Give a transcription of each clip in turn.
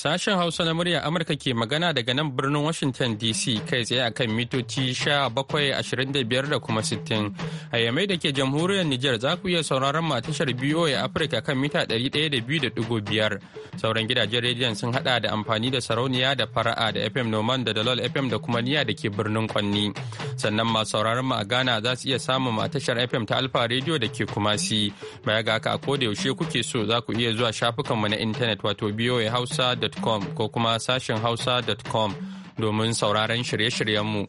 Sashen Hausa na murya Amurka ke magana daga nan birnin Washington DC kai tsaye akan mitoci 1725 da kuma sittin A yamai da ke jamhuriyar Nijar za ku iya sauraron mu a tashar BOA Afirka kan mita ɗari ɗaya da da biyu biyar Sauran gidajen rediyon sun haɗa da amfani da sarauniya da fara'a da FM Noman da Dalol FM da kuma niya da ke birnin Kwanni. Sannan masu sauraron mu a Ghana za su iya samun a tashar FM ta Alfa rediyo da ke Kumasi. Baya ga haka a koda yaushe kuke so za ku iya zuwa shafukanmu na intanet wato BOA Hausa da hausa.com ko kuma sashen hausa.com domin sauraron shirye-shiryenmu.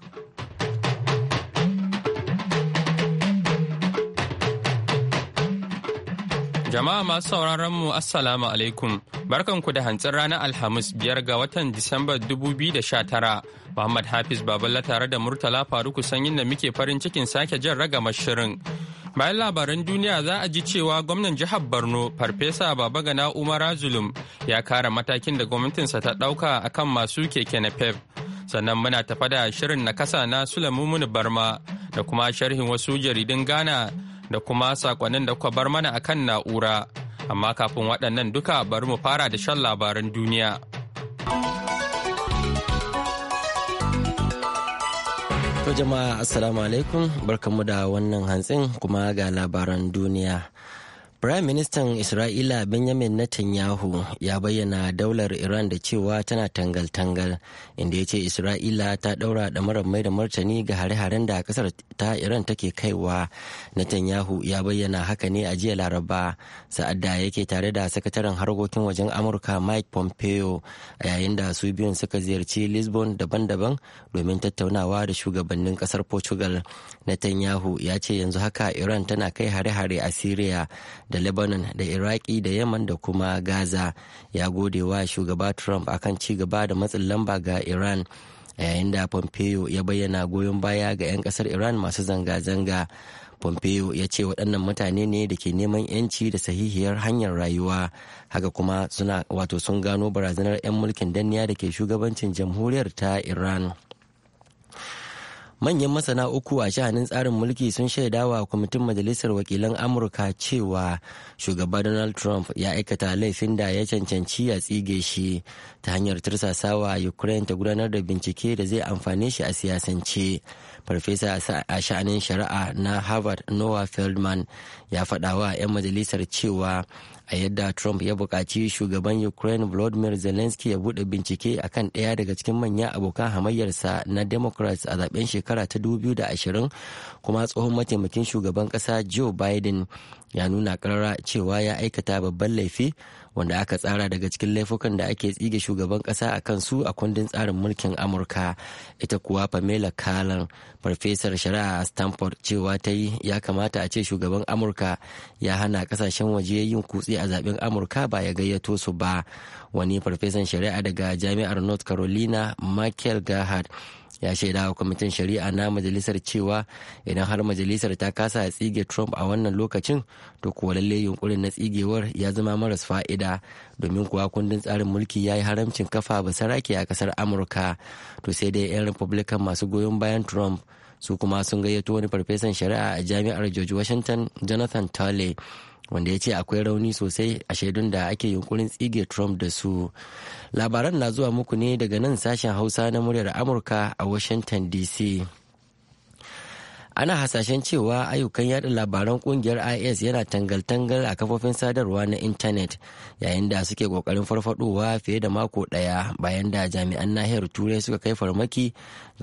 Jama'a masu sauraron mu Assalamu alaikum. Barkanku da hantsin ranar Alhamis biyar ga watan Disamba 2019. Muhammad Hafiz Baballa tare da Murtala Faruku sanyin da muke farin cikin sake jan ragamar shirin. Bayan labaran duniya za a ji cewa gwamnan jihar Borno Farfesa Babagana Umar Zulum ya kara matakin da gwamnatinsa ta ɗauka akan masu keke na pep. Sannan muna tafa da shirin na kasa na Sulaimun Barma da kuma sharhin wasu jaridun Ghana da kuma sakonnin da kuka bar mana akan na'ura. Amma kafin waɗannan duka bari mu fara da shan labaran duniya. jama'a assalamu alaikum barkamu da wannan hantsin kuma ga labaran duniya. Prime Ministan Isra'ila Benjamin Netanyahu ya bayyana daular Iran da cewa tana tangal-tangal inda ya ce Isra'ila ta daura ɗamarar mai da martani ga hare-haren da kasar ta Iran take kaiwa. Netanyahu ya bayyana haka ne a jiya Laraba sa'ad da yake tare da sakataren harkokin wajen Amurka Mike Pompeo a yayin da su biyun suka ziyarci Lisbon daban-daban domin tattaunawa da shugabannin kasar Portugal. Netanyahu ya ce yanzu haka Iran tana kai hare-hare a Syria da lebanon da iraki da yaman da kuma gaza ya gode wa shugaba trump akan ci gaba da matsin lamba ga iran yayin da pompeo ya bayyana goyon baya ga 'yan kasar iran masu zanga-zanga pompeo ya ce waɗannan mutane ne da ke neman 'yanci da sahihiyar hanyar rayuwa haka kuma suna wato sun gano barazanar 'yan mulkin danniya da ke shugabancin jamhuriyar ta iran manyan masana uku a shahanin tsarin mulki sun shaidawa kwamitin majalisar wakilan amurka cewa shugaba donald trump ya aikata laifin da ya cancanci ya tsige shi ta hanyar tursasawa ukraine ta gudanar da bincike da zai amfane shi a siyasance farfesa a sha'anin shari'a na harvard noah feldman ya faɗawa 'yan majalisar cewa a yadda trump ya buƙaci shugaban ukraine volodymyr zelensky ya buɗe bincike a kan ɗaya daga cikin manyan abokan hamayyarsa na democrats a zaben shekara ta 2020 kuma tsohon mataimakin shugaban ƙasa joe biden ya nuna karara cewa ya aikata babban laifi wanda aka tsara daga cikin laifukan da ake tsige shugaban kasa a kansu a kundin tsarin mulkin amurka ita kuwa pamela kalan farfesar shari'a a stanford cewa ta yi ya kamata a ce shugaban amurka ya hana kasashen waje yin kutse a zaben amurka ba ya gayyato su ba wani farfesan shari'a daga jami'ar north carolina michael gahard ya shaida wa kwamitin shari'a na majalisar cewa idan har majalisar ta kasa ya tsige trump a wannan lokacin to kuwa lalle yunkurin na tsigewar ya zama maras fa'ida domin kuwa kundin tsarin mulki ya yi haramcin kafa basarake a kasar amurka to sai dai 'yan republican masu goyon bayan trump su kuma sun gayyato wani farfesan shari'a a jami'ar george washington jonathan tolley wanda ya ce akwai rauni sosai a shaidun da ake yunkurin tsige trump da su labaran na zuwa muku ne daga nan sashen hausa na muryar amurka a washington dc ana hasashen cewa ayyukan yada labaran kungiyar is yana tangal-tangal a kafofin sadarwa na intanet yayin da suke kokarin farfadowa fiye da mako daya bayan da jami'an nahiyar turai suka kai farmaki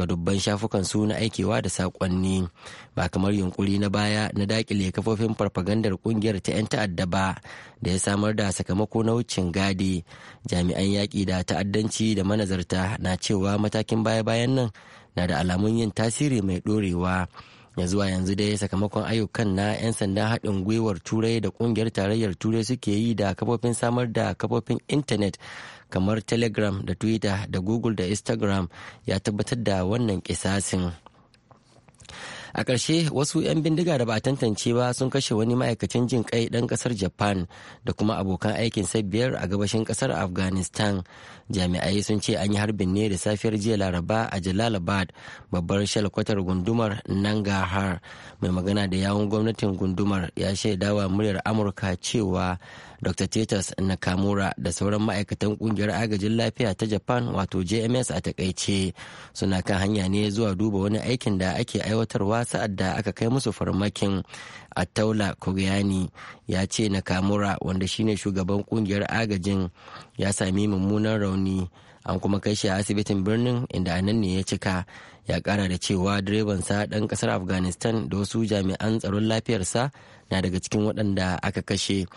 ga dubban shafukan su na aikewa da sakonni ba kamar yunkuri na baya na dakile kafofin farfagandar kungiyar ta 'yan ta'adda ba da ya samar da sakamako na wucin gadi jami'an yaƙi da ta'addanci da manazarta na cewa matakin baya-bayan nan na da alamun yin tasiri mai ɗorewa. ya zuwa yanzu dai sakamakon ayyukan na 'yan sanda haɗin gwiwar turai da ƙungiyar tarayyar turai suke yi da kafofin samar da kafofin intanet kamar telegram da twitter da google da instagram ya tabbatar da wannan kisasin. a ƙarshe wasu 'yan bindiga da ba tantance ba sun kashe wani ma'aikacin jin kai ɗan ƙasar japan da kuma abokan aikin biyar a gabashin ƙasar afghanistan jami'ai sun ce an yi harbin ne da safiyar jiya laraba a jalalabad babbar shalkwatar gundumar nangahar mai magana da yawun gwamnatin gundumar ya shaidawa muryar amurka cewa dr tetas nakamura da sauran ma'aikatan kungiyar agajin lafiya ta japan wato jms a takaice suna kan hanya ne zuwa duba wani aikin da ake aiwatarwa sa'ad da aka kai musu farmakin attaula koryani ya ce nakamura wanda shine shugaban kungiyar agajin ya sami mummunan rauni an kuma kai shi a asibitin birnin inda anan ne ya cika ya kara da cewa direbansa ɗan ƙasar afghanistan da wasu jami'an tsaron lafiyarsa na daga cikin waɗanda aka kashe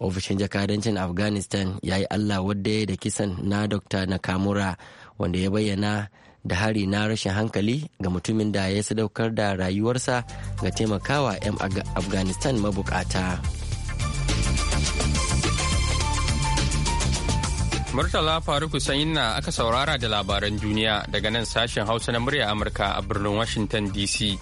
ofishin jakadancin afghanistan ya yi allah wadda da kisan na dr nakamura wanda ya bayyana da hari na rashin hankali ga mutumin da ya sadaukar da rayuwarsa ga taimakawa 'yan afghanistan mabukata. Murtala Faruku sanyina aka saurara da labaran duniya daga nan sashen Hausa na murya Amurka a birnin Washington DC.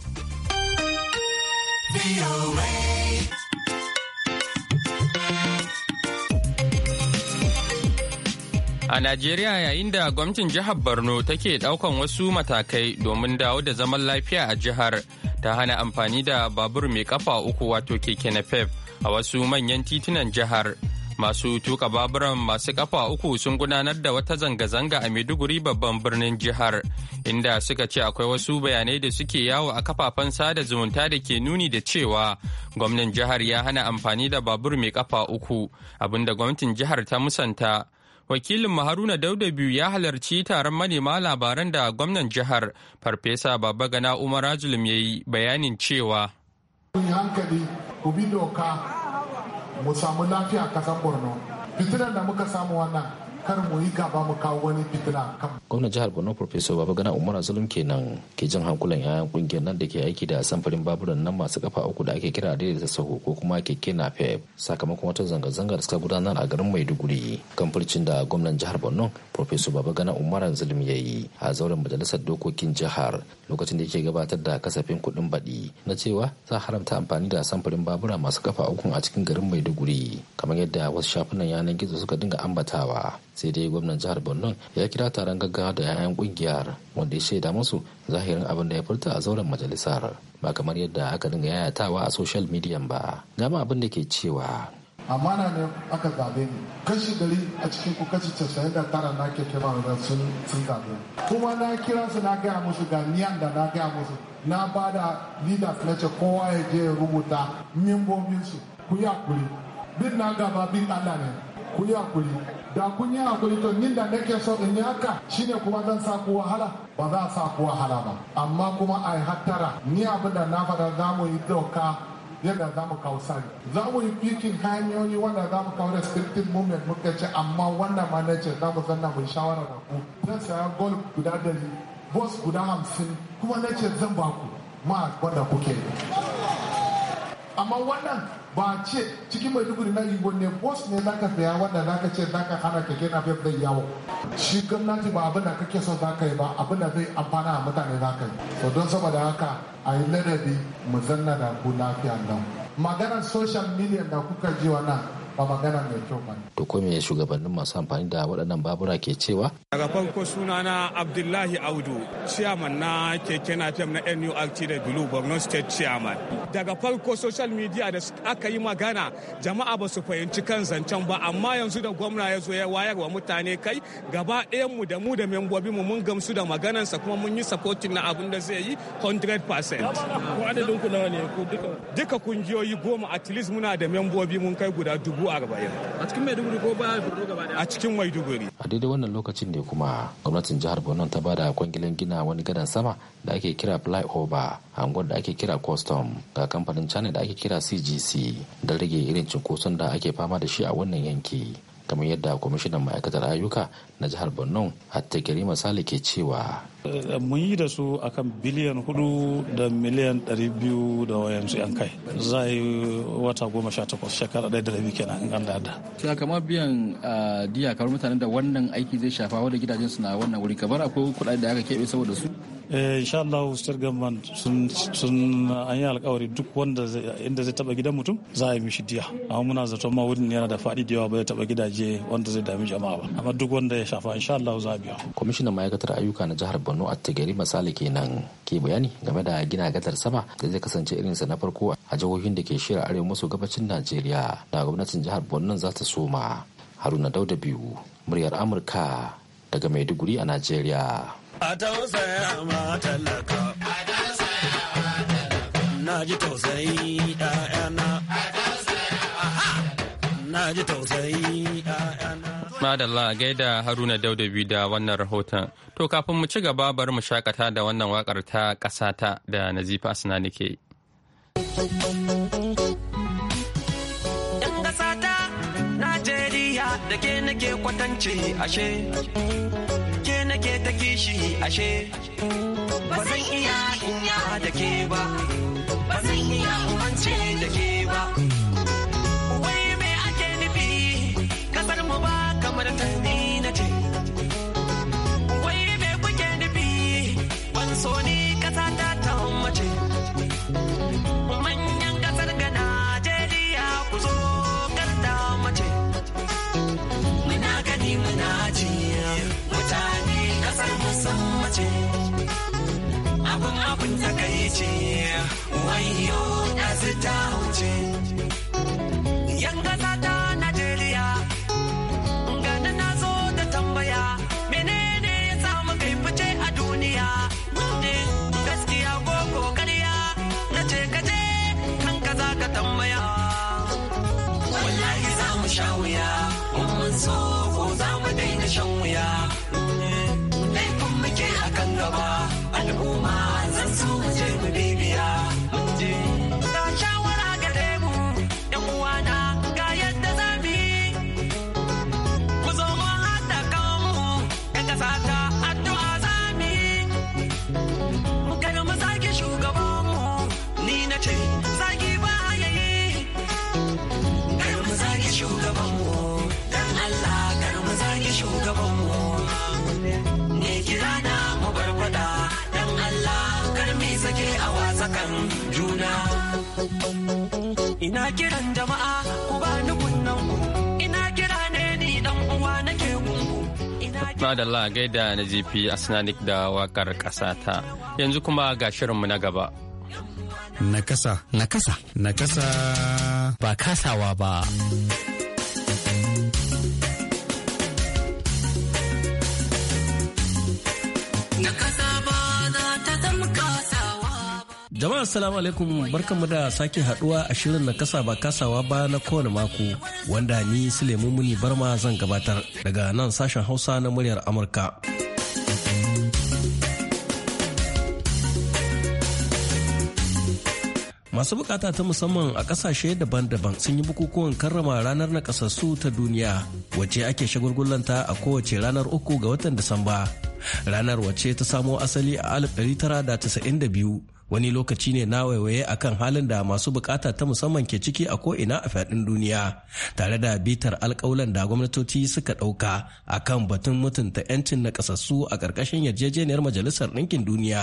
A Najeriya yayin da gwamnatin jihar Borno take daukan wasu matakai domin dawo da zaman lafiya a jihar ta hana amfani da babur mai kafa uku wato keke na a wasu manyan titunan jihar. Masu tuka baburan masu kafa uku sun gudanar da wata zanga-zanga a Maiduguri babban birnin jihar, inda suka ce akwai wasu bayanai da suke yawo a kafafen sada zumunta da ke nuni da cewa gwamnan jihar ya hana amfani da babur mai kafa uku, abinda gwamnatin jihar ta musanta. wakilin haruna dauda biyu ya halarci taron manema labaran da gwamnan jihar farfesa babagana umar azulum ya yi bayanin cewa mu samu lafiya a ƙasar borno fitinan da muka samu wannan kar mu yi gaba mu kawo wani fitina kan gwamnan jihar borno professor babagana umar zulum kenan ke jin hankulan yayan kungiyar nan da ke aiki da samfurin baburan nan masu kafa uku da ake kira da sahu ko kuma keke napep sakamakon wata zanga-zanga da suka gudanar a garin maiduguri kan furcin da gwamnan jihar borno professor babagana umar zulum ya yi a zauren majalisar dokokin jihar lokacin da yake gabatar da kasafin kuɗin baɗi na cewa za haramta amfani da samfurin babura masu kafa uku a cikin garin maiduguri kamar yadda wasu shafunan yanar gizo suka dinga ambatawa sai dai gwamnan jihar borno ya kira taron gaggawa da 'ya'yan kungiyar wanda ya shaida musu zahirin abin da ya furta a zauren majalisar ba kamar yadda aka dinga yayatawa a social media ba gama abin da ke cewa amma na ne aka zabe ni kashi dari a cikin ku kashi casa'in da tara na ke kema da sun zabe kuma na kira su na gaya musu ga niyan da na gaya musu na ba da leaders kowa ya je ya rubuta membobinsu ku yi hakuri bin na gaba bin allah ne ku yi hakuri da kun yi hakuri to ni da nake so in yi haka shine kuma zan sa ku wahala ba za a sa ku wahala ba amma kuma a hattara ni abin da na faɗa za mu yi doka yadda za mu kawo sani. za mu yi bikin hanyoyi wanda za mu kawo restrictive movement muka ce amma wannan ma ce za mu zanna mun shawara da ku zan saya gol guda dari bos guda hamsin kuma na ce zan ba ku ma wanda kuke amma wannan ba ce cikin mai duguri na igbo ne bos ne za ka saya wanda za ka ce za ka hana keke na fef zai yawo shi gwamnati ba abin da kake so za ka yi ba abin da zai amfana a mutane za ka yi to don saboda haka a yi ladabi mu zanna da ku lafiya nan maganar social media da kuka ji wannan ba magana mai kyau ba. To ko shugabannin masu amfani da waɗannan babura ke cewa? Daga farko sunana Abdullahi Audu, chairman na keke napep na NURT da Bilu Borno State chairman. Daga farko social media da aka yi magana jama'a ba su fahimci kan zancen ba amma yanzu da gwamna ya zo ya wayar wa mutane kai gaba ɗayan mu da mu da membobi mu mun gamsu da maganansa kuma mun yi supporting na abin da zai yi 100%. Ko duka? kungiyoyi goma at least muna da membobi mun kai guda dubu A cikin Maiduguri A cikin daidai wannan lokacin ne kuma gwamnatin jihar Borno ta bada kwangilin gina wani gadon sama da ake kira flyover a da ake kira custom ga kamfanin China da ake kira CGC da rage irin cinkoson da ake fama da shi a wannan yanki. kamar yadda kwamishinan ma'aikatar ayyuka na jihar borno hatta garima sale ke cewa mun yi da su akan biliyan hudu da miliyan ɗari biyu da wayansu yan kai za yi wata goma sha takwas shekara ɗaya da rabi kenan in da sai biyan ah, diya kamar mutanen da wannan aiki zai shafa wadda gidajen su na wannan wuri kamar akwai kuɗaɗe da aka keɓe saboda su Eh, insha Allah state Gamman sun an yi alkawari duk wanda inda zai taba gidan mutum za a yi mishi diya amma muna zaton ma wurin yana da faɗi diyawa ba zai taba gidaje wanda zai dami jama'a ba amma duk wanda ya shafa insha Allah za a biya kwamishinan ma'aikatar ayyuka na jihar Borno Attigari misali kenan ke bayani game da gina gadar sama da zai kasance irin sa na farko a jihohin da ke shirya arewa maso gabacin Najeriya da gwamnatin jihar Borno za ta soma Haruna Dauda biyu muryar Amurka daga Maiduguri a Najeriya. a tausaya ma talaka na ji tausayi ɗayana na ji tausayi ɗayana madalla gaida haruna daudabi da wannan rahoton to kafin mu ci gaba bari mu shakata da wannan wakar ta ƙasata da nazifa asina nake Najeriya da ke nake kwatance ashe nake ta kishi ashe ba zan iya inya da ke ba ba zan iya umance da ke ba wai me ake nufi kasar mu ba kamar ta ni na ce wai me kuke nufi ban so ni ce abun abin takaici wayo ɗazu ta wuce sakan juna. Ina kiran jama'a ku ba ni kunnan ku, ina kira ne ni dan uwa nake gungu. Madalla gaida na jifi Asnanik da wakar ƙasata yanzu kuma ga shirinmu na gaba. Nakasa. Nakasa. Nakasa. Ba kasawa ba. Jama'a assalamu alaikum barkanmu da sake haduwa a shirin na kasa ba kasawa ba na kowane mako wanda ni Suleiman Muni Barma zan gabatar daga nan sashen Hausa na muryar Amurka. masu bukata ta musamman a kasashe daban-daban sun yi bukukuwan karrama ranar nakasassu ta duniya wacce ake shagulgulanta a kowace ranar uku ga watan disamba ranar wacce ta samo asali a 1992 wani lokaci ne na waiwaye akan halin da masu bukata ta musamman ke ciki a ko'ina a fadin duniya tare da bitar alkawalan da gwamnatoci suka ɗauka akan batun mutunta 'yancin na kasassu a ƙarƙashin yarjejeniyar majalisar ɗinkin duniya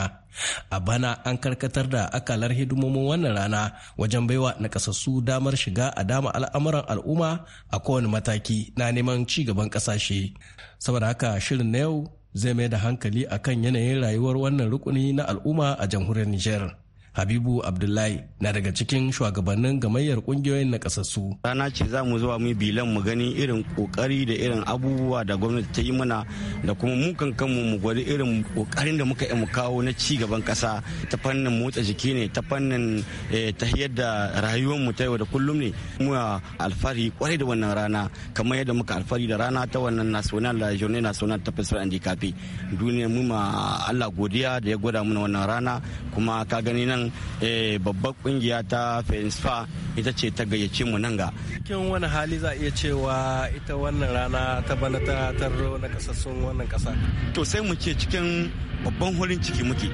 a bana an karkatar da akalar hidimomin wannan rana wajen baiwa na kasassu damar shiga a dama al'amuran al'umma a kowane mataki na neman ci gaban ƙasashe saboda haka shirin na yau zai mai da hankali akan yanayin rayuwar wannan rukuni na al'umma a jamhuriyar Nijar. Habibu Abdullahi na daga cikin shugabannin gamayyar kungiyoyin na kasassu. Rana ce za mu zuwa mu bilan mu gani irin kokari da irin abubuwa da gwamnati ta yi mana da kuma mu kan kanmu mu gwada irin kokarin da muka yi mu kawo na ci gaban kasa ta fannin motsa jiki ne ta fannin eh, ta yadda rayuwar mu ta yau da kullum ne. Mu alfahari kwarai da wannan rana kamar yadda muka alfahari da rana ta wannan national da journée national ta fesar handicapé. Duniya mu ma Allah godiya da ya gwada mana wannan rana kuma ka gani nan Eh, babbar kungiya ta fensfa ita ce ta gayyace mu nan ga cikin wani hali za a iya cewa ita wannan rana ta bana ta tarro na kasassun wannan kasa to sai mu ce cikin babban horin ciki muke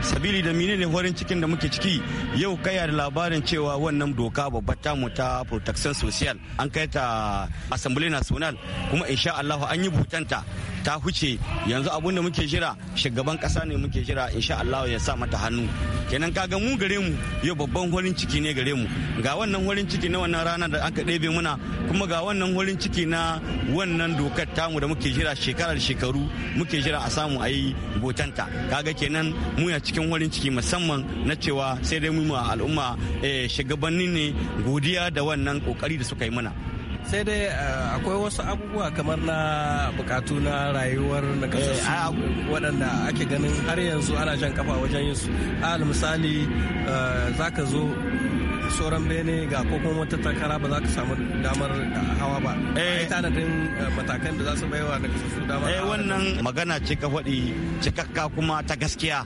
sabili da menene horin cikin da muke ciki yau kaya da labarin cewa wannan doka babbar tamu ta protection social an kai ta assembly national kuma insha Allah an yi butanta ta huce yanzu abun da muke jira shugaban kasa ne muke jira insha Allah ya sa mata hannu kenan kaga mu gare mu yau babban horin ciki ne gare mu ga wannan horin ciki na wannan rana da aka ɗebe muna kuma ga wannan horin ciki na wannan dokar tamu da muke jira shekarar shekaru muke jira a samu a yi botan kanta kaga kenan mu ya cikin warin ciki musamman na cewa sai dai mu ma al'umma eh, shugabanni ne godiya da wannan kokari da suka yi mana sai dai eh, akwai wasu abubuwa kamar na bukatu na rayuwar na eh, waɗanda ake ganin har yanzu ana jan kafa wajen yin su a misali zaka zo sauran bene ga ko kuma wata takara ba za ka samu damar hawa ba eh tanadin eh, matakan da za su baiwa daga eh, su damar eh wannan magana ce ka faɗi cikakka kuma ta gaskiya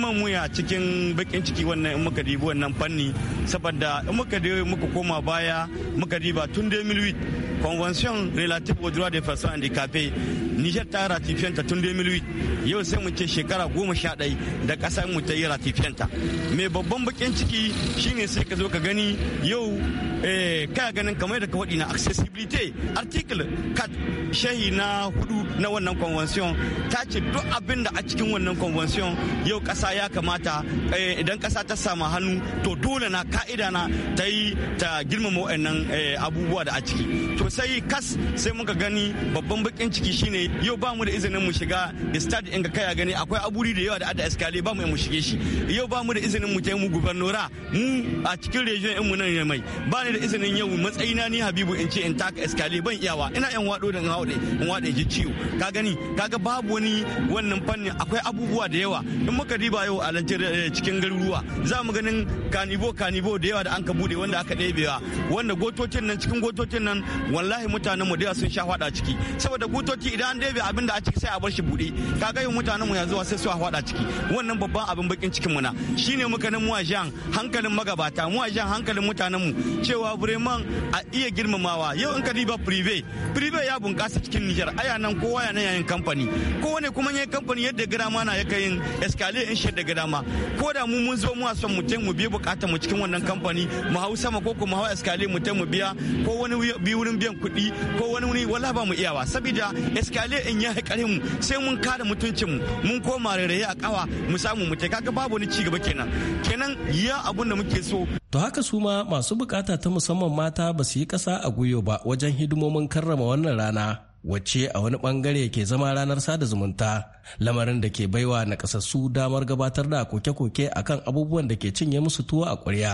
man muya cikin bakin ciki wannan in muka dibi wannan fanni saboda in muka muka koma baya muka diba tun 2008 convention relative aux droits des personnes handicapées niger ta ta tun 2008 yau sai mu ce shekara goma sha ɗai da kasar mu ta yi ratifiyanta mai babban bakin ciki shine sai ka zo ka gani yau Eh, kaya ganin kamar da ka waɗi na accessibility article cat shahi na hudu na wannan convention ta ce duk abin da a cikin wannan convention yau ƙasa ya kamata eh, idan ƙasa ta samu hannu to dole na ka'ida na ta yi ta girmama waɗannan eh, abubuwa da a ciki to sai kas sai muka gani babban bakin ciki shine yau ba mu da izinin mu shiga stade in ga kaya gani akwai aburi da yawa da ada escalier ba mu mu shige shi yau ba mu da izinin mu ta mu gubernora mu a cikin region in mu nan mai ba ni da izinin yau matsayina ni Habibu in ce in taka eskale ban iyawa ina yan wado da haɗe in waɗe ji ciwo ka gani kaga babu wani wannan fannin akwai abubuwa da yawa in muka diba yau a eh, cikin garuruwa za mu ganin kanibo kanibo da yawa da an ka bude wanda aka ɗebewa wanda gotocin nan cikin gotocin nan wallahi mutanen mu da yawa sun sha hwada ciki saboda gotoci idan an ɗebe abin da a ciki sai a bar shi buɗe kaga yau mutanen mu yanzu sai su hwada ciki wannan babban abin bakin cikin muna na shine muka nan muwa jan hankalin magabata muwa jan hankalin mutanen mu cewa cewa vraiment a iya girmamawa yau in ka diba prive prive ya bunkasa cikin nijar aya nan kowa ya nan yayin kamfani kowane kuma yayin kamfani yadda gada na ya kai escalier in shedda gada ma ko da mu mun zo mu son mu mu biya bukatar mu cikin wannan kamfani mu hau sama ko kuma hau escalier mu mu biya ko wani bi wurin biyan kuɗi ko wani wani wala ba mu iyawa saboda escalier in ya haƙarin mu sai mun kada mutuncin mu mun koma rere a kawa mu samu mu kai kaga babu ni ci gaba kenan kenan ya abun da muke so To haka su ma masu bukata ta musamman mata ba su yi ƙasa a guyo ba wajen hidimomin karrama wannan rana. wacce a wani bangare ke zama ranar sada zumunta lamarin da ke baiwa nakasassu damar gabatar da koke-koke akan abubuwan da ke cinye musu tuwo a ƙwarya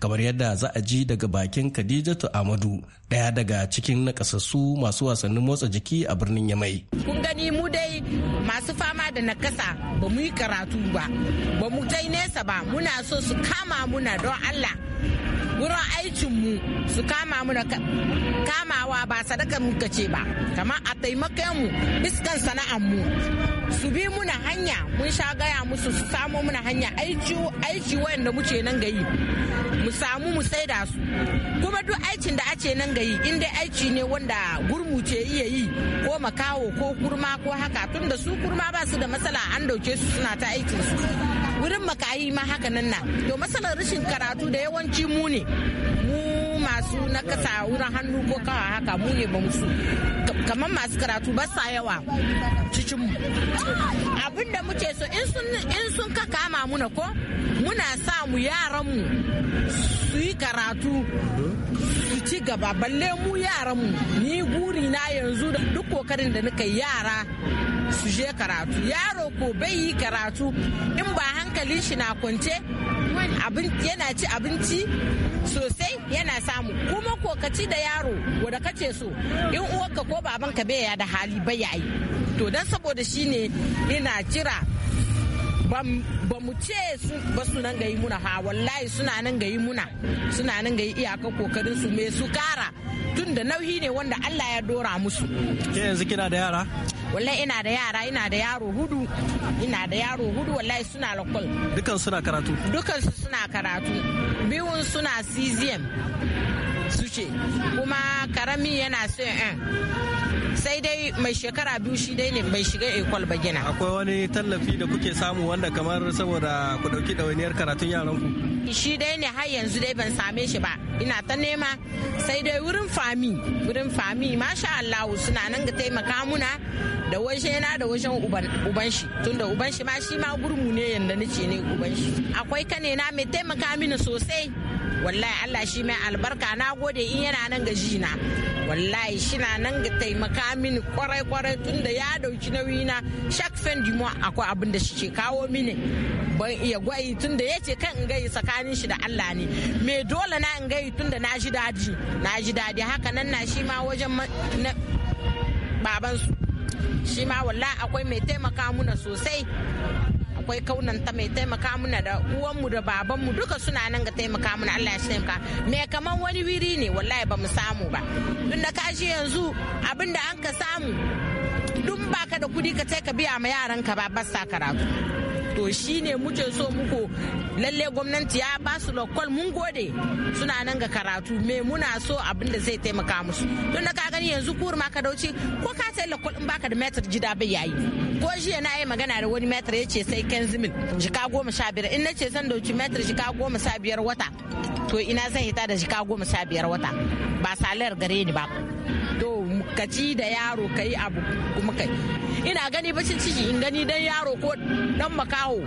kamar yadda za a ji daga bakin khadijatu amadu ɗaya daga cikin nakasassu masu wasannin motsa jiki a birnin yamai kun gani mu dai masu fama da nakasa ba mu yi karatu ba ba mu kai nesa ba muna so su kama muna don allah wurin aikinmu su kama mu da kamawa ba sadaka muka ce ba kamar a taimakon mu iskan sana'ar mu su bi muna hanya mun sha gaya musu su samo muna hanya aiki wanda muke nan gayi mu samu mu da su kuma duk aikin da ake nan gayi in dai aiki ne wanda gurmu ce iya yi ko makawo ko kurma ko haka tunda su kurma ba su da matsala an dauke su suna ta aikin su wurin makayi ma haka nan na to matsalar rashin karatu da yawanci mu ne mu masu na kasa wurin hannu ko kawa haka mu ne ba kamar masu karatu ba sa yawa cikin mu abin da muke so in sun ka kama muna ko muna sa mu yaran mu su yi karatu su ci gaba balle mu yaran mu ni guri na yanzu da duk kokarin da nika yara su je karatu yaro ko bai yi karatu in ba hankali shi na kwance yana ci abinci sosai yana samu kuma ko ka ci da yaro ka kace so in uwarka ko babanka bai ya da hali bai ya yi to don saboda shi ne ina jira ba mu ce ba su nan gayi muna ha wallahi suna nan gayi muna suna nan gayi iyaka kokarin su me su kara tun da nauyi ne wanda Allah ya dora musu. Ke yanzu kina da yara? Wallahi ina da yara, ina da yaro hudu, ina da yaro hudu wallahi suna lakol. Dukan suna karatu? Dukan su suna karatu. Biyun suna CZM su ce, kuma karami yana son sai dai mai shekara biyu shi dai ne bai shiga ekol ba gina akwai wani tallafi da kuke samu wanda kamar saboda ku dauki dawainiyar karatun yaran ku shi dai ne har yanzu dai ban same shi ba ina ta nema sai dai wurin fami wurin fami masha Allah suna nan ga taimaka muna da wajen na da wajen uban shi tunda uban shi ma shi ma gurmu ne yanda nace ne uban shi akwai kane na mai taimaka mini sosai wallahi Allah shi mai albarka na gode in yana nan ga jina wallahi shi na nan ga taimaka mini kwarai kwarai tun da ya dauki nauyi na shak fen dimo akwai abin da shi ke kawo mini ban iya gwai da ya ce kan in gai tsakanin shi da Allah ne me dole na in gai da na ji daji na ji dadi haka nan na shi ma wajen na babansu shi ma wallahi akwai mai taimaka muna sosai akwai kaunan ta mai taimaka muna da uwanmu da babanmu duka suna nan ga taimaka muna Allah ya taimaka me kaman wani wiri ne wallahi ba mu samu ba tunda ji yanzu abinda an ka samu dun baka da kudi ka ce ka biya ma yaranka ba ba sa karatu to ne muke so muku lalle gwamnati ya ba su lokal mun gode suna nan ga karatu me muna so abin da zai taimaka musu don da ka gani yanzu kur ma ka dauce ko ka sai lokal in baka da metar gida bai yayi ko jiya na yi magana da wani metar ya ce sai kenzimil jika goma sha biyar in na ce zan dauki metar jika goma sha biyar wata to ina zan hita da jika goma sha biyar wata ba salar gare ni ba ka ji da yaro ka yi abu kuma kai ina gani bacin ciki in gani dan yaro ko dan makaho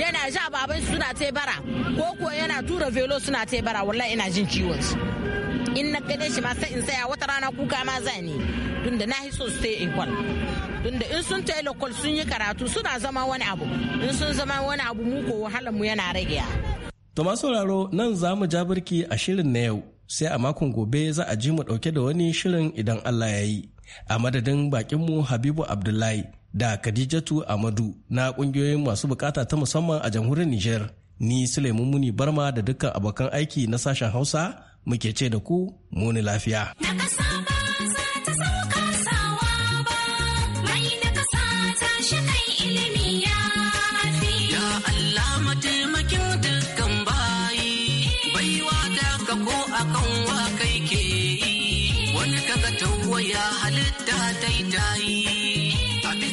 yana ja baban suna te bara ko kuwa yana tura velo suna te bara wallahi ina jin ciwon su in na gane shi ma sai in saya wata rana kuka ma zani tunda na hiso stay in kwal tunda in sun ta lokal sun yi karatu suna zama wani abu in sun zama wani abu mu ko wahalar mu yana rage ya. to masu nan za mu ja birki a shirin na yau sai a makon gobe za a ji mu ɗauke da wani shirin idan Allah ya yi. A madadin bakinmu Habibu Abdullahi da Khadijatu Amadu na ƙungiyoyin masu bukata ta musamman a jamhuriyar Nijar. Ni Suleiman Muni Barma da dukkan abokan aiki na sashen Hausa muke ce da ku muni lafiya.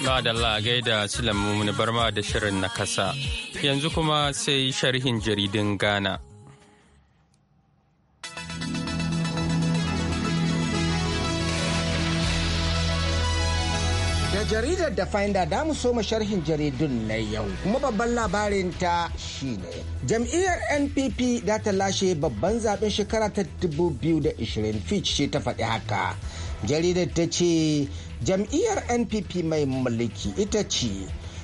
da Madalla gaida Sulaimu Barma da shirin na kasa. Yanzu kuma sai sharhin jaridin Ghana. Da jaridar da finder da mu soma sharhin jaridun na yau kuma babban labarin ta shine jam'iyyar npp da ta lashe babban zaben shekara ta 2020 fitch ce ta faɗi haka jaridar ta ce jam'iyyar npp mai mulki ita ce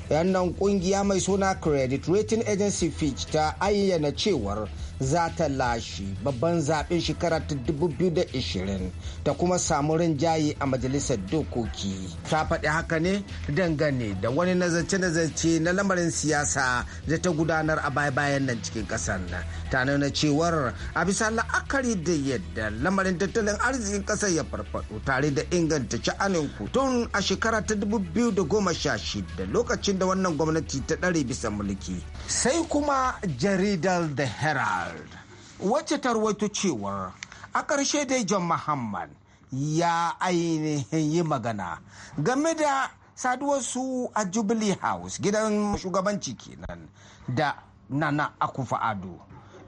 yannan kungiya mai suna credit rating agency fitch ta ayyana cewar za ta lashe babban zaɓen shekarar ta 2020 ta kuma samu rinjaye a majalisar dokoki ta faɗi haka ne dangane da wani nazarce-nazarce na lamarin siyasa da ta gudanar a baya-bayan nan cikin ƙasar nan ta nuna cewar a bisa la'akari da yadda lamarin tattalin arzikin ƙasar ya farfaɗo tare da inganta sha'anin tun a shekara ta 2016 lokacin da wannan gwamnati ta ɗare bisa mulki sai kuma jaridar the herald herald wacce tarwaito cewar a ƙarshe dai john muhammad ya ainihin yi magana game da saduwarsu a jubilee house gidan shugabanci kenan da nana akufa ado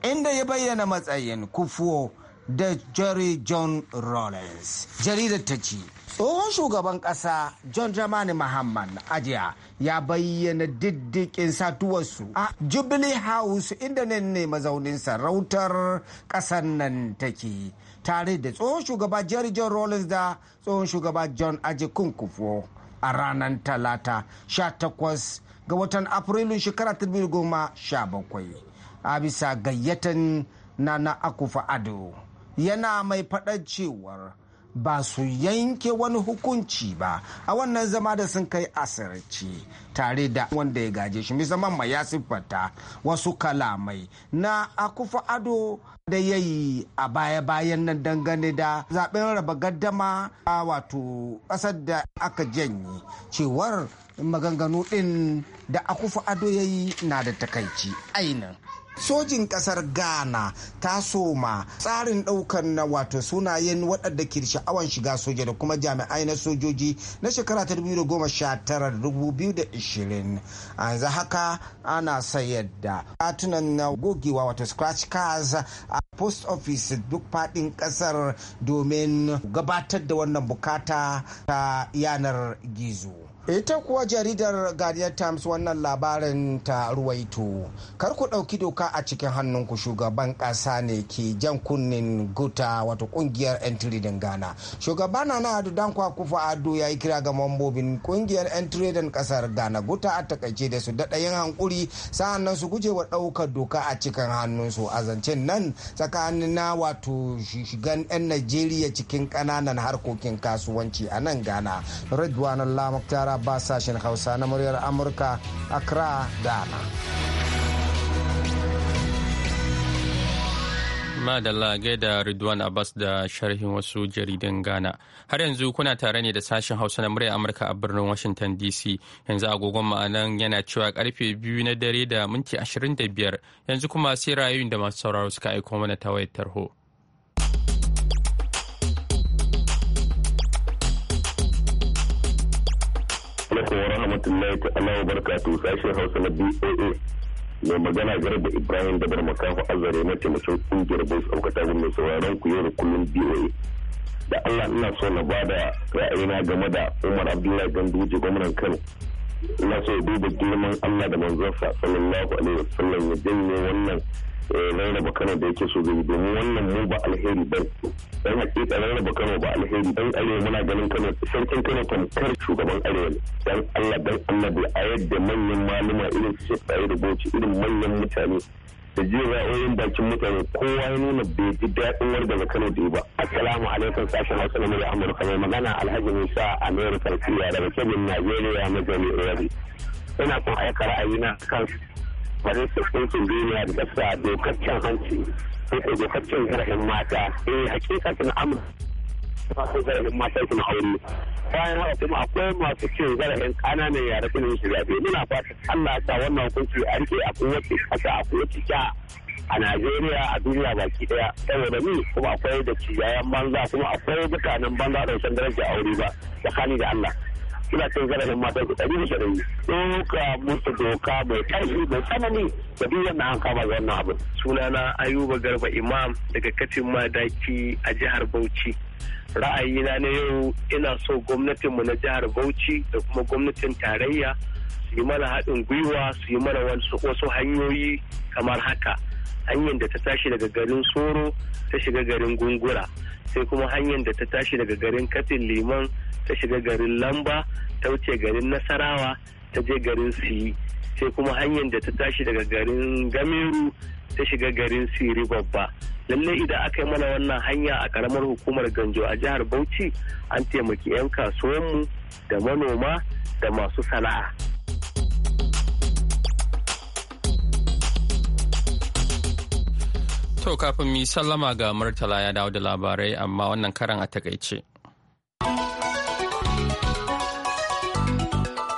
inda ya bayyana matsayin kufo da jerry john rawlins jaridar ta ce tsohon shugaban ƙasa john dramani mahamman ajiya ya bayyana diddikin satuwarsu a jubilee house inda nan ne mazaunin sarautar ƙasar nan take tare da tsohon shugaba jerry john rollins da tsohon shugaba john aji kunkufo a ranar talata 18 ga watan afrilun shekara 2017 a bisa gayyatan nana akufa ado yana mai faɗar cewar ba su yanke wani hukunci ba a wannan zama da sun kai asirci tare da wanda ya gaje shi musamman mai ya siffata wasu kalamai na akufa ado da ya yi a baya-bayan nan dangane da zaɓen raba gaddama a wato ƙasar da aka janye cewar maganganu ɗin da akufa ado ya yi na da takaici ainihin sojin kasar ghana ta soma tsarin ɗaukar na wato sunayen waɗanda ke sha'awan shiga soja da kuma jami'ai na sojoji na shekara ta 2019-2020 yanzu haka ana sayar da katunan na gogewa wato scratch cars a post office duk faɗin ƙasar domin gabatar da wannan bukata ta yanar gizo ita kuwa jaridar guardian times wannan labarin ta ruwaito kar ku ɗauki doka a cikin hannunku shugaban ƙasa ne ke jan kunnen guta wato ƙungiyar 'yan tiridin ghana shugaba na na adu dan kwakufa ado ya yi kira ga mambobin ƙungiyar 'yan tiridin ƙasar ghana guta a takaice da su daɗa yin hankuri sa'an su guje wa ɗaukar doka a cikin hannunsu a zancen nan tsakanin na wato shigan 'yan najeriya cikin ƙananan harkokin kasuwanci a nan ghana redwan lamuktara ba sashen Hausa na muryar Amurka Accra, Ghana. Madalla gaida Ridwan Abbas da sharhin wasu jaridan Ghana. Har yanzu kuna tare ne da sashen Hausa na muryar Amurka a birnin Washington DC. Yanzu agogon ma'anan yana cewa karfe biyu na dare da minti 25 yanzu kuma sai rayu da masu sauraro suka aiko mana ta wayar tarho. alaikum wa rahmatullahi Allah barka barakatuh sashen Hausa na BAA mai magana da Ibrahim da Barmakafa Azare na taimakon kungiyar bai of Katago mai sauraron ku yau da kullum BAA da Allah ina so na bada ra'ayina game da Umar Abdullahi Ganduje gwamnan Kano ina so duba girman Allah da manzon sa sallallahu alaihi wasallam ya janye wannan rarraba eh, kano da yake so zai domin wannan mu ba alheri ba dan hakika rarraba kano ba alheri dan arewa muna ganin kano sarkin kano tamkar shugaban arewa dan allah dan allah bai a yadda manyan maluma irin su tsaye da irin manyan mutane da jin ra'ayoyin bakin mutane kowa ya nuna bai ji daɗin wargaza kano da ba assalamu alaikum sashen hausa na murya amurka mai magana alhaji musa america kiya daga kebin najeriya na majami'ar ina son aika ra'ayina kan majalisar ɗinkin duniya da sa dokaccen hanci ko dokaccen zarafin mata eh hakika sun amurka masu zarafin mata suna aure bayan haka kuma akwai masu cin zarafin ƙananan yara sun yi zaɓe muna fata Allah ya sa wannan hukunci a rike a kowace ƙasa a kowace ta a Najeriya a duniya baki daya saboda ni kuma akwai da ciyayen banza kuma akwai mutanen banza da wasan daraja aure ba tsakani da Allah suna cin zarafin matan su ɗari da shirin ɗauka musu doka mai ƙarfi mai tsanani da duk wannan an kama wannan abin. sunana ayuba garba imam daga katin madaki a jihar bauchi ra'ayina na yau ina so gwamnatinmu na jihar bauchi da kuma gwamnatin tarayya su yi mana haɗin gwiwa su yi mana wasu hanyoyi kamar haka hanyar da ta tashi daga garin soro ta shiga garin gungura sai kuma hanyar da ta tashi daga garin katin liman ta shiga garin lamba ta wuce garin nasarawa ta je garin siyi sai kuma hanyar da ta tashi daga garin gameru ta shiga garin siri babba lalle idan aka yi mana wannan hanya a karamar hukumar ganjo a jihar bauchi an taimaki 'yan kasuwanmu da manoma da masu sana'a To kafin mu sallama ga Murtala ya dawo da labarai amma wannan karan a takaice.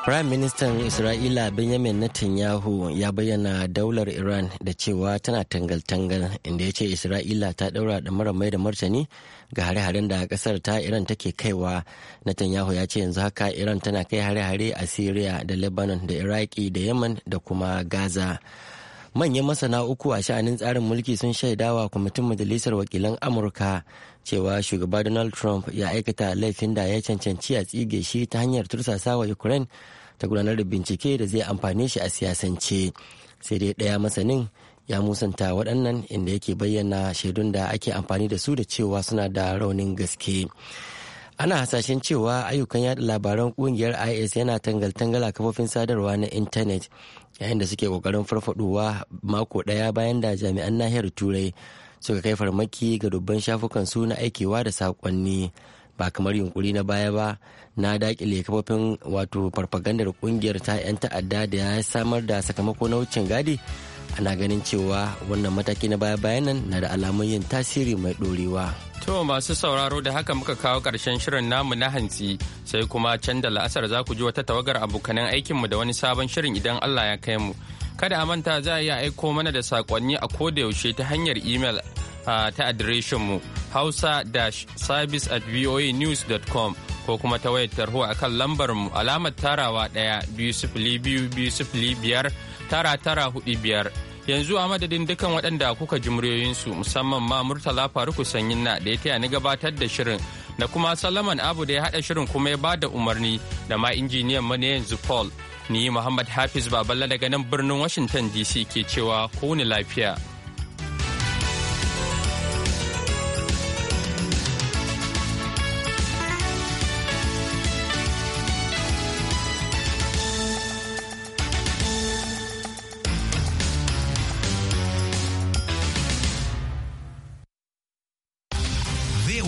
Prime Minister Isra'ila Benjamin Netanyahu ya bayyana daular Iran da cewa tana tangal-tangal inda ya ce Isra'ila ta daura da mara mai da martani ga hare-haren da kasar ta Iran take kaiwa. Netanyahu ya ce yanzu haka Iran tana kai hare-hare a Syria da Lebanon da Iraki da Yemen da kuma Gaza. manyan masana uku a sha'anin tsarin mulki sun shaidawa kwamitin majalisar wakilan amurka cewa shugaba donald trump ya aikata laifin da ya cancanci a tsige shi ta hanyar tursasawa ukraine ta gudanar da bincike da zai amfane shi a siyasance sai dai ɗaya masanin ya musanta waɗannan inda yake bayyana shaidun da ake amfani da su da cewa suna da raunin gaske. ana hasashen cewa ayyukan yada labaran kungiyar is yana tangal tangala kafofin sadarwa na intanet yayin da suke kokarin farfaduwa mako daya bayan da jami'an nahiyar turai suka kai farmaki ga dubban shafukan su na aikewa da sakonni ba kamar yunkuri na baya ba na dakile kafofin wato farfagandar kungiyar ta 'yan ta'adda da ya samar da sakamako na wucin gadi ana ganin cewa wannan mataki na baya-bayan nan na da alamun yin tasiri mai ɗorewa. To masu sauraro da haka muka kawo ƙarshen shirin namu na hantsi sai kuma can da la'asar za ku ji wata tawagar abokanan aikinmu da wani sabon shirin idan Allah ya kai mu. Kada a manta za a iya aiko mana da saƙonni a ko da yaushe ta hanyar imel ah, ta adireshinmu hausa-service at voanews.com. ko kuma ta wayar tarho a kan lambar mu alamar tarawa ɗaya biyu sifili biyu biyu sifili biyar tara tara hudu biyar. Yanzu a madadin dukan waɗanda kuka ji muryoyinsu musamman ma Murtala Faruku Sanyin na da ya taya ni gabatar da shirin da kuma Salaman Abu da ya haɗa shirin kuma ya ba da umarni da ma injiniyan mu yanzu Paul. Ni Muhammad Hafiz Baballa daga nan birnin Washington DC ke cewa ko ni lafiya.